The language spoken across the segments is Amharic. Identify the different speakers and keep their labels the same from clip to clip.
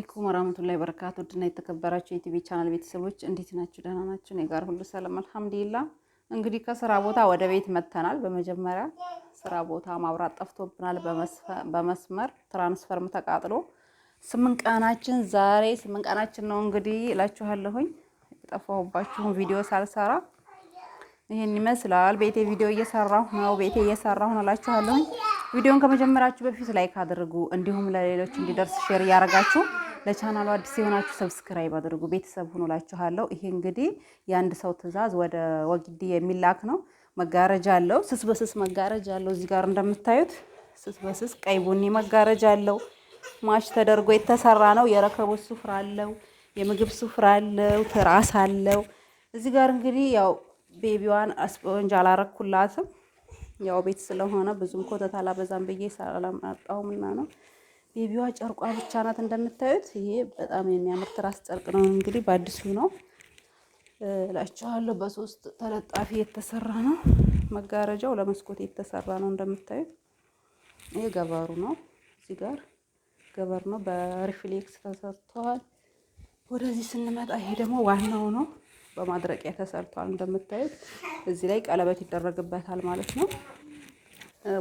Speaker 1: አለይኩም ወራህመቱላሂ ወበረካቱ ድና የተከበራችሁ የቲቪ ቻናል ቤተሰቦች እንዴት ናችሁ? ደህና ናችሁ? እኔ ጋር ሁሉ ሰላም አልሐምዱሊላ። እንግዲህ ከስራ ቦታ ወደ ቤት መጥተናል። በመጀመሪያ ስራ ቦታ ማብራት ጠፍቶብናል። በመስመር ትራንስፈርም ተቃጥሎ ስምንት ቀናችን ዛሬ ስምንት ቀናችን ነው። እንግዲህ እላችኋለሁኝ የጠፋሁባችሁን ቪዲዮ ሳልሰራ ይህን ይመስላል። ቤቴ ቪዲዮ እየሰራሁ ነው። ቤቴ እየሰራሁ ነው እላችኋለሁኝ። ቪዲዮን ከመጀመራችሁ በፊት ላይክ አድርጉ፣ እንዲሁም ለሌሎች እንዲደርስ ሼር እያደረጋችሁ ለቻናሉ አዲስ የሆናችሁ ሰብስክራይብ አድርጉ። ቤተሰብ ሁኑ እላችኋለሁ። ይሄ እንግዲህ የአንድ ሰው ትዕዛዝ ወደ ወግዲ የሚላክ ነው። መጋረጃ አለው፣ ስስ በስስ መጋረጃ አለው። እዚህ ጋር እንደምታዩት ስስ በስስ ቀይ ቡኒ መጋረጃ አለው። ማሽ ተደርጎ የተሰራ ነው። የረከቦት ስፍራ አለው፣ የምግብ ስፍራ አለው፣ ትራስ አለው። እዚህ ጋር እንግዲህ ያው ቤቢዋን አስፖንጅ አላረኩላትም። ያው ቤት ስለሆነ ብዙም ኮተት አላበዛም ብዬ ሳላመጣሁምና ነው። ቤቢዋ ጨርቋ ብቻ ናት እንደምታዩት። ይሄ በጣም የሚያምር ትራስ ጨርቅ ነው። እንግዲህ በአዲሱ ነው እላችኋለሁ። በሶስት ተለጣፊ የተሰራ ነው። መጋረጃው ለመስኮት የተሰራ ነው እንደምታዩት። ይሄ ገበሩ ነው። እዚህ ጋር ገበር ነው በሪፍሌክስ ተሰርተዋል። ወደዚህ ስንመጣ ይሄ ደግሞ ዋናው ነው። በማድረቂያ ተሰርቷል እንደምታዩት። እዚህ ላይ ቀለበት ይደረግበታል ማለት ነው።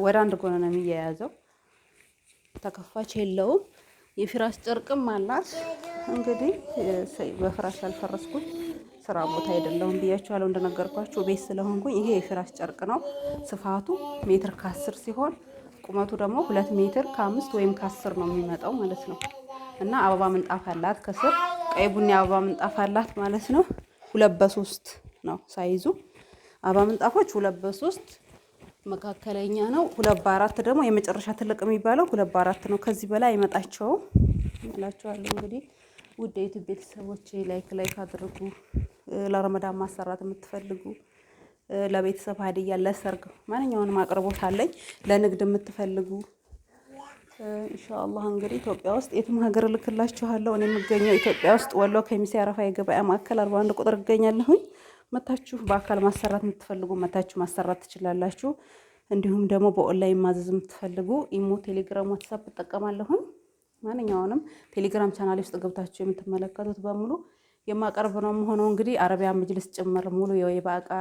Speaker 1: ወደ አንድ ጎን ነው የሚያያዘው ተከፋች የለውም። የፍራሽ ጨርቅም አላት። እንግዲህ በፍራሽ ላልፈረስኩኝ ስራ ቦታ አይደለሁም ብያችኋለሁ። እንደነገርኳችሁ ቤት ስለሆንኩኝ ይሄ የፍራሽ ጨርቅ ነው። ስፋቱ ሜትር ከአስር ሲሆን ቁመቱ ደግሞ ሁለት ሜትር ከአምስት ወይም ከአስር ነው የሚመጣው ማለት ነው። እና አበባ ምንጣፍ አላት ከስር ቀይ ቡኒ አበባ ምንጣፍ አላት ማለት ነው። ሁለት በሶስት ነው ሳይዙ አበባ ምንጣፎች ሁለት በሶስት መካከለኛ ነው። ሁለት በአራት ደግሞ የመጨረሻ ትልቅ የሚባለው ሁለት በአራት ነው። ከዚህ በላይ አይመጣቸውም እላቸዋለሁ። እንግዲህ ውድ የዩቱብ ቤተሰቦች ላይክ ላይክ አድርጉ። ለረመዳን ማሰራት የምትፈልጉ ለቤተሰብ ሀዲያ፣ ለሰርግ ማንኛውንም አቅርቦት አለኝ። ለንግድ የምትፈልጉ ኢንሻአላህ እንግዲህ ኢትዮጵያ ውስጥ የትም ሀገር እልክላችኋለሁ። እኔ የምገኘው ኢትዮጵያ ውስጥ ወሎ ከሚሴ አረፋ የገበያ ማዕከል 41 ቁጥር እገኛለሁኝ። መታችሁ በአካል ማሰራት የምትፈልጉ መታችሁ ማሰራት ትችላላችሁ። እንዲሁም ደግሞ በኦንላይን ማዘዝ የምትፈልጉ ኢሞ፣ ቴሌግራም፣ ዋትሳፕ እጠቀማለሁኝ። ማንኛውንም ቴሌግራም ቻናል ውስጥ ገብታችሁ የምትመለከቱት በሙሉ የማቀርብ ነው የምሆነው። እንግዲህ አረቢያ መጅልስ ጭምር ሙሉ የወይባ እቃ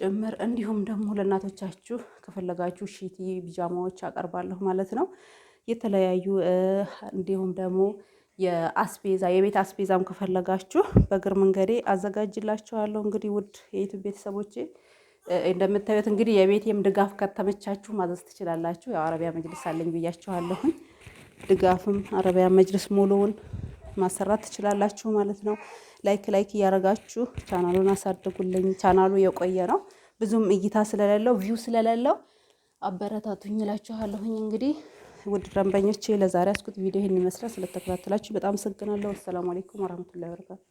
Speaker 1: ጭምር እንዲሁም ደግሞ ለእናቶቻችሁ ከፈለጋችሁ ሺቲ ቢጃማዎች አቀርባለሁ ማለት ነው የተለያዩ እንዲሁም ደግሞ የአስቤዛ የቤት አስቤዛም ከፈለጋችሁ በእግር መንገዴ አዘጋጅላችኋለሁ። እንግዲህ ውድ የዩቱብ ቤተሰቦቼ እንደምታዩት እንግዲህ የቤቴም ድጋፍ ከተመቻችሁ ማዘዝ ትችላላችሁ። ያው አረቢያ መጅልስ አለኝ ብያችኋለሁኝ። ድጋፍም አረቢያ መጅልስ ሙሉውን ማሰራት ትችላላችሁ ማለት ነው። ላይክ ላይክ እያደረጋችሁ ቻናሉን አሳድጉልኝ። ቻናሉ የቆየ ነው ብዙም እይታ ስለሌለው ቪው ስለሌለው አበረታቱኝ እላችኋለሁኝ እንግዲህ ውድ ደንበኞቼ ለዛሬ አስኩት ቪዲዮ ይህን ይመስላል። ስለተከታተላችሁ በጣም አመሰግናለሁ። አሰላሙ አለይኩም ወራህመቱላሂ ወበረካቱ